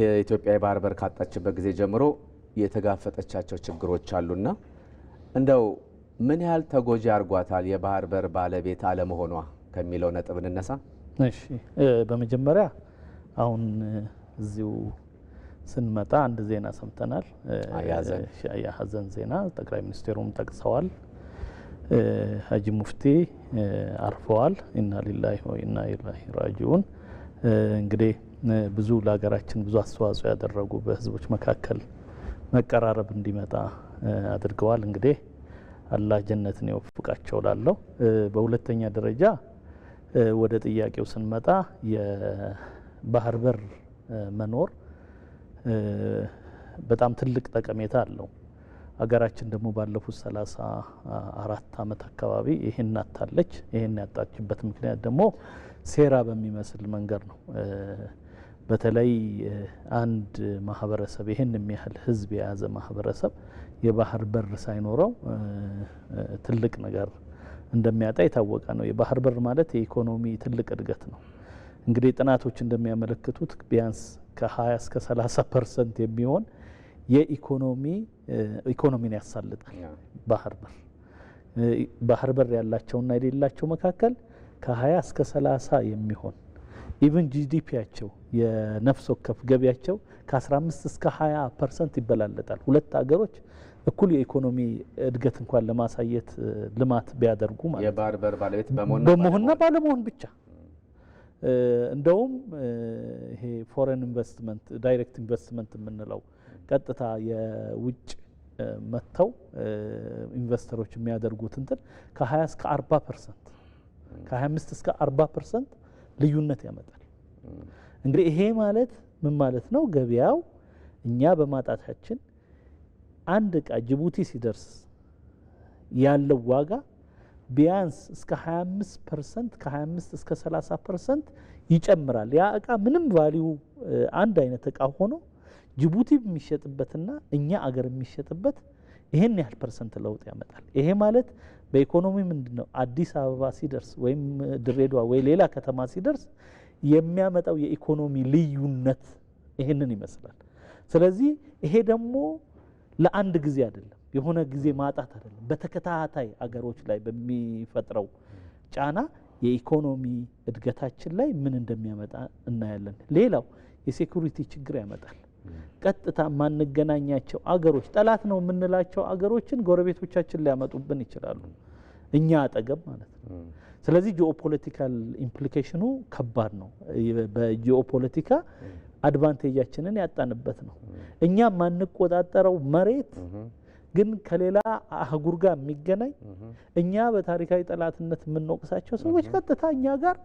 የኢትዮጵያ የባህር በር ካጣችበት ጊዜ ጀምሮ የተጋፈጠቻቸው ችግሮች አሉና እንደው ምን ያህል ተጎጂ አድርጓታል የባህር በር ባለቤት አለመሆኗ ከሚለው ነጥብ እንነሳ። እሺ፣ በመጀመሪያ አሁን እዚሁ ስንመጣ አንድ ዜና ሰምተናል። የሀዘን ዜና ጠቅላይ ሚኒስትሩም ጠቅሰዋል። ሀጂ ሙፍቲ አርፈዋል። ኢና ሊላሂ ወኢና ኢለይሂ ራጂዑን እንግዲህ ብዙ ለሀገራችን ብዙ አስተዋጽኦ ያደረጉ በህዝቦች መካከል መቀራረብ እንዲመጣ አድርገዋል። እንግዲህ አላህ ጀነትን ይወፍቃቸው ላለው። በሁለተኛ ደረጃ ወደ ጥያቄው ስንመጣ የባህር በር መኖር በጣም ትልቅ ጠቀሜታ አለው። አገራችን ደግሞ ባለፉት ሰላሳ አራት አመት አካባቢ ይህን አታለች። ይህን ያጣችበት ምክንያት ደግሞ ሴራ በሚመስል መንገድ ነው። በተለይ አንድ ማህበረሰብ ይህን የሚያህል ህዝብ የያዘ ማህበረሰብ የባህር በር ሳይኖረው ትልቅ ነገር እንደሚያጣ የታወቀ ነው። የባህር በር ማለት የኢኮኖሚ ትልቅ እድገት ነው። እንግዲህ ጥናቶች እንደሚያመለክቱት ቢያንስ ከ20 እስከ 30 ፐርሰንት የሚሆን የኢኮኖሚ ኢኮኖሚን ያሳልጣል። ባህር በር ባህር በር ያላቸውና የሌላቸው መካከል ከ20 እስከ 30 የሚሆን ኢቨን ጂዲፒያቸው የነፍስ ወከፍ ገቢያቸው ከ15 እስከ 20 ፐርሰንት ይበላለጣል። ሁለት ሀገሮች እኩል የኢኮኖሚ እድገት እንኳን ለማሳየት ልማት ቢያደርጉ ማለት የባህር በር ባለቤት በመሆንና ባለመሆን ብቻ እንደውም ይሄ ፎሬን ኢንቨስትመንት ዳይሬክት ኢንቨስትመንት የምንለው ቀጥታ የውጭ መጥተው ኢንቨስተሮች የሚያደርጉት እንትን ከ20 እስከ 40 ፐርሰንት ከ25 እስከ 40 ፐርሰንት ልዩነት ያመጣል። እንግዲህ ይሄ ማለት ምን ማለት ነው? ገበያው እኛ በማጣታችን አንድ እቃ ጅቡቲ ሲደርስ ያለው ዋጋ ቢያንስ እስከ 25 ፐርሰንት ከ25 እስከ 30 ፐርሰንት ይጨምራል። ያ እቃ ምንም ቫሊዩ አንድ አይነት እቃ ሆኖ ጅቡቲ የሚሸጥበትና እኛ አገር የሚሸጥበት ይህን ያህል ፐርሰንት ለውጥ ያመጣል። ይሄ ማለት በኢኮኖሚ ምንድን ነው አዲስ አበባ ሲደርስ ወይም ድሬዳዋ ወይ ሌላ ከተማ ሲደርስ የሚያመጣው የኢኮኖሚ ልዩነት ይሄንን ይመስላል። ስለዚህ ይሄ ደግሞ ለአንድ ጊዜ አይደለም፣ የሆነ ጊዜ ማጣት አይደለም። በተከታታይ አገሮች ላይ በሚፈጥረው ጫና የኢኮኖሚ እድገታችን ላይ ምን እንደሚያመጣ እናያለን። ሌላው የሴኩሪቲ ችግር ያመጣል። ቀጥታ ማንገናኛቸው አገሮች ጠላት ነው የምንላቸው አገሮችን ጎረቤቶቻችን ሊያመጡብን ይችላሉ። እኛ አጠገብ ማለት ነው። ስለዚህ ጂኦፖለቲካል ኢምፕሊኬሽኑ ከባድ ነው። በጂኦፖለቲካ አድቫንቴጃችንን ያጣንበት ነው። እኛ ማንቆጣጠረው መሬት ግን ከሌላ አህጉር ጋር የሚገናኝ እኛ በታሪካዊ ጠላትነት የምንወቅሳቸው ሰዎች ቀጥታ እኛ ጋር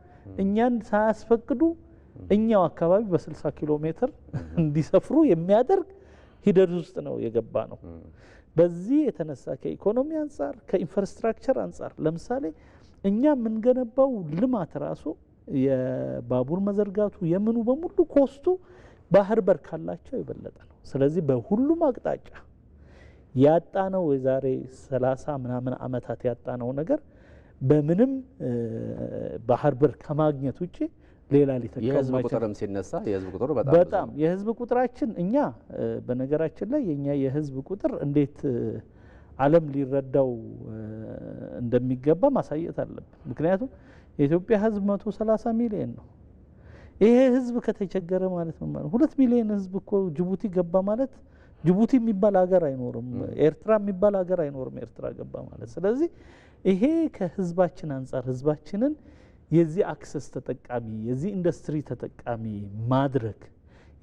እኛን ሳያስፈቅዱ እኛው አካባቢ በ60 ኪሎ ሜትር እንዲሰፍሩ የሚያደርግ ሂደት ውስጥ ነው የገባ ነው። በዚህ የተነሳ ከኢኮኖሚ አንጻር ከኢንፍራስትራክቸር አንጻር ለምሳሌ እኛ የምንገነባው ልማት ራሱ የባቡር መዘርጋቱ የምኑ በሙሉ ኮስቱ ባህር በር ካላቸው የበለጠ ነው። ስለዚህ በሁሉም አቅጣጫ ያጣነው የዛሬ ሰላሳ ምናምን ዓመታት ያጣነው ነገር በምንም ባህር በር ከማግኘት ውጭ ሌላ ሊተካ የህዝብ ቁጥርም ሲነሳ የህዝብ ቁጥሩ በጣም የህዝብ ቁጥራችን እኛ በነገራችን ላይ የኛ የህዝብ ቁጥር እንዴት ዓለም ሊረዳው እንደሚገባ ማሳየት አለብን። ምክንያቱም የኢትዮጵያ ህዝብ መቶ ሰላሳ ሚሊዮን ነው። ይሄ ህዝብ ከተቸገረ ማለት ነው ማለት ሁለት ሚሊዮን ህዝብ እኮ ጅቡቲ ገባ ማለት ጅቡቲ የሚባል ሀገር አይኖርም፣ ኤርትራ የሚባል ሀገር አይኖርም ኤርትራ ገባ ማለት። ስለዚህ ይሄ ከህዝባችን አንጻር ህዝባችንን የዚህ አክሰስ ተጠቃሚ የዚህ ኢንዱስትሪ ተጠቃሚ ማድረግ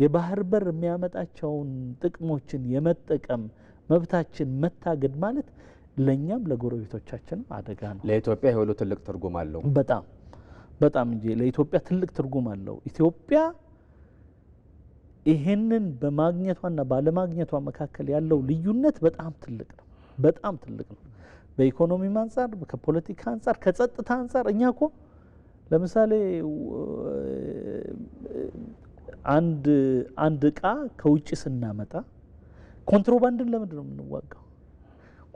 የባህር በር የሚያመጣቸውን ጥቅሞችን የመጠቀም መብታችን መታገድ ማለት ለእኛም ለጎረቤቶቻችንም አደጋ ነው። ለኢትዮጵያ የሁሉ ትልቅ ትርጉም አለው። በጣም በጣም እንጂ ለኢትዮጵያ ትልቅ ትርጉም አለው። ኢትዮጵያ ይሄንን በማግኘቷና ባለማግኘቷ መካከል ያለው ልዩነት በጣም ትልቅ ነው። በጣም ትልቅ ነው። በኢኮኖሚም አንጻር፣ ከፖለቲካ አንጻር፣ ከጸጥታ አንጻር እኛ ኮ ለምሳሌ አንድ አንድ እቃ ከውጭ ስናመጣ ኮንትሮባንድን ለምንድን ነው የምንዋጋው?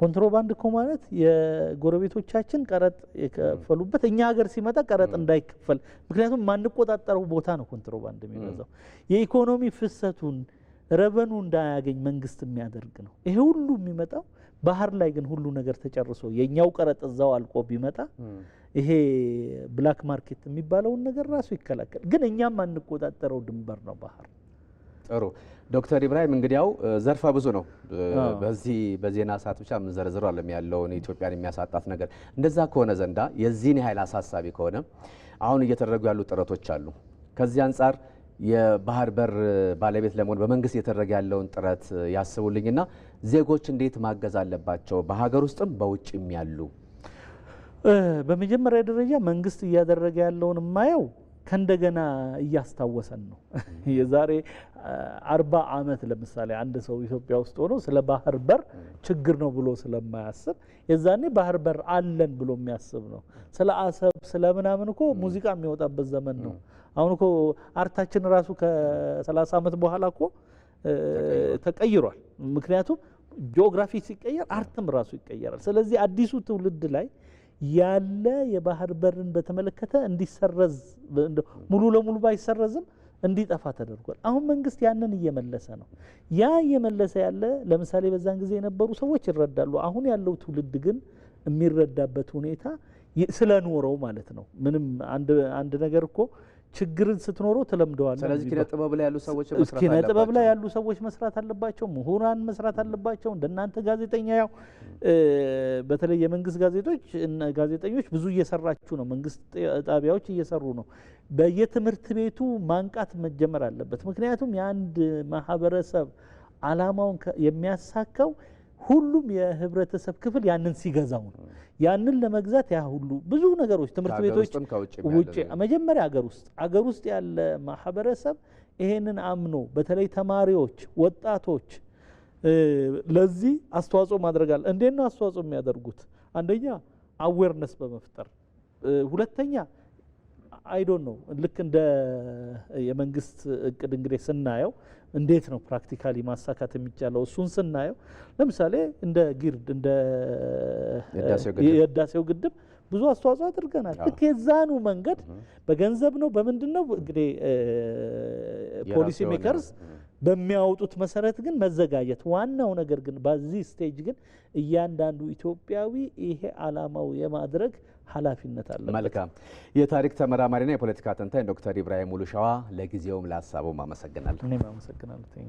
ኮንትሮባንድ እኮ ማለት የጎረቤቶቻችን ቀረጥ የከፈሉበት እኛ ሀገር ሲመጣ ቀረጥ እንዳይከፈል ምክንያቱም ማንቆጣጠረው ቦታ ነው ኮንትሮባንድ የሚበዛው። የኢኮኖሚ ፍሰቱን ረበኑ እንዳያገኝ መንግስት የሚያደርግ ነው። ይሄ ሁሉ የሚመጣው ባህር ላይ ግን ሁሉ ነገር ተጨርሶ የእኛው ቀረጥ እዛው አልቆ ቢመጣ ይሄ ብላክ ማርኬት የሚባለውን ነገር ራሱ ይከላከል። ግን እኛም አንቆጣጠረው ድንበር ነው ባህር። ጥሩ ዶክተር ኢብራሂም እንግዲያው ዘርፈ ብዙ ነው። በዚህ በዜና ሰዓት ብቻ ምንዘረዝሩ አለም ያለውን ኢትዮጵያን የሚያሳጣት ነገር። እንደዛ ከሆነ ዘንዳ የዚህን ያህል አሳሳቢ ከሆነ አሁን እየተደረጉ ያሉ ጥረቶች አሉ። ከዚህ አንጻር የባህር በር ባለቤት ለመሆን በመንግስት እየተደረገ ያለውን ጥረት ያስቡልኝና ዜጎች እንዴት ማገዝ አለባቸው? በሀገር ውስጥም በውጭም ያሉ። በመጀመሪያ ደረጃ መንግስት እያደረገ ያለውን የማየው ከእንደገና እያስታወሰን ነው። የዛሬ አርባ ዓመት ለምሳሌ አንድ ሰው ኢትዮጵያ ውስጥ ሆኖ ስለ ባህር በር ችግር ነው ብሎ ስለማያስብ የዛኔ ባህር በር አለን ብሎ የሚያስብ ነው። ስለ አሰብ ስለ ምናምን እኮ ሙዚቃ የሚወጣበት ዘመን ነው። አሁን እኮ አርታችን ራሱ ከሰላሳ ዓመት በኋላ እኮ ተቀይሯል። ምክንያቱም ጂኦግራፊ ሲቀየር አርትም ራሱ ይቀየራል። ስለዚህ አዲሱ ትውልድ ላይ ያለ የባህር በርን በተመለከተ እንዲሰረዝ ሙሉ ለሙሉ ባይሰረዝም እንዲጠፋ ተደርጓል። አሁን መንግስት ያንን እየመለሰ ነው። ያ እየመለሰ ያለ ለምሳሌ በዛን ጊዜ የነበሩ ሰዎች ይረዳሉ። አሁን ያለው ትውልድ ግን የሚረዳበት ሁኔታ ስለኖረው ማለት ነው። ምንም አንድ ነገር እኮ ችግርን ስትኖሩ ትለምደዋል። ስለዚህ ኪነ ጥበብ ላይ ያሉ ሰዎች ኪነ ጥበብ ላይ ያሉ ሰዎች መስራት አለባቸው። ምሁራን መስራት አለባቸው። እንደናንተ ጋዜጠኛ ያው በተለይ የመንግስት ጋዜጦች ጋዜጠኞች ብዙ እየሰራችሁ ነው። መንግስት ጣቢያዎች እየሰሩ ነው። በየትምህርት ቤቱ ማንቃት መጀመር አለበት። ምክንያቱም የአንድ ማህበረሰብ አላማውን የሚያሳካው ሁሉም የህብረተሰብ ክፍል ያንን ሲገዛው ነው። ያንን ለመግዛት ያ ሁሉ ብዙ ነገሮች ትምህርት ቤቶች ውጭ፣ መጀመሪያ አገር ውስጥ አገር ውስጥ ያለ ማህበረሰብ ይሄንን አምኖ በተለይ ተማሪዎች፣ ወጣቶች ለዚህ አስተዋጽኦ ማድረጋል እንዴት ነው አስተዋጽኦ የሚያደርጉት? አንደኛ አዌርነስ በመፍጠር ሁለተኛ አይዶን ነው ልክ እንደ የመንግስት እቅድ እንግዲህ ስናየው እንዴት ነው ፕራክቲካሊ ማሳካት የሚቻለው? እሱን ስናየው ለምሳሌ እንደ ግርድ እንደ የህዳሴው ግድብ ብዙ አስተዋጽኦ አድርገናል። ልክ የዛኑ መንገድ በገንዘብ ነው በምንድን ነው እንግዲህ ፖሊሲ ሜከርስ በሚያወጡት መሰረት ግን መዘጋጀት ዋናው ነገር ግን በዚህ ስቴጅ ግን እያንዳንዱ ኢትዮጵያዊ ይሄ አላማው የማድረግ ኃላፊነት አለ። መልካም። የታሪክ ተመራማሪና የፖለቲካ ተንታኝ ዶክተር ኢብራሂም ሙሉሸዋ ለጊዜውም ለሀሳቡም አመሰግናለሁ። እኔም አመሰግናለሁ።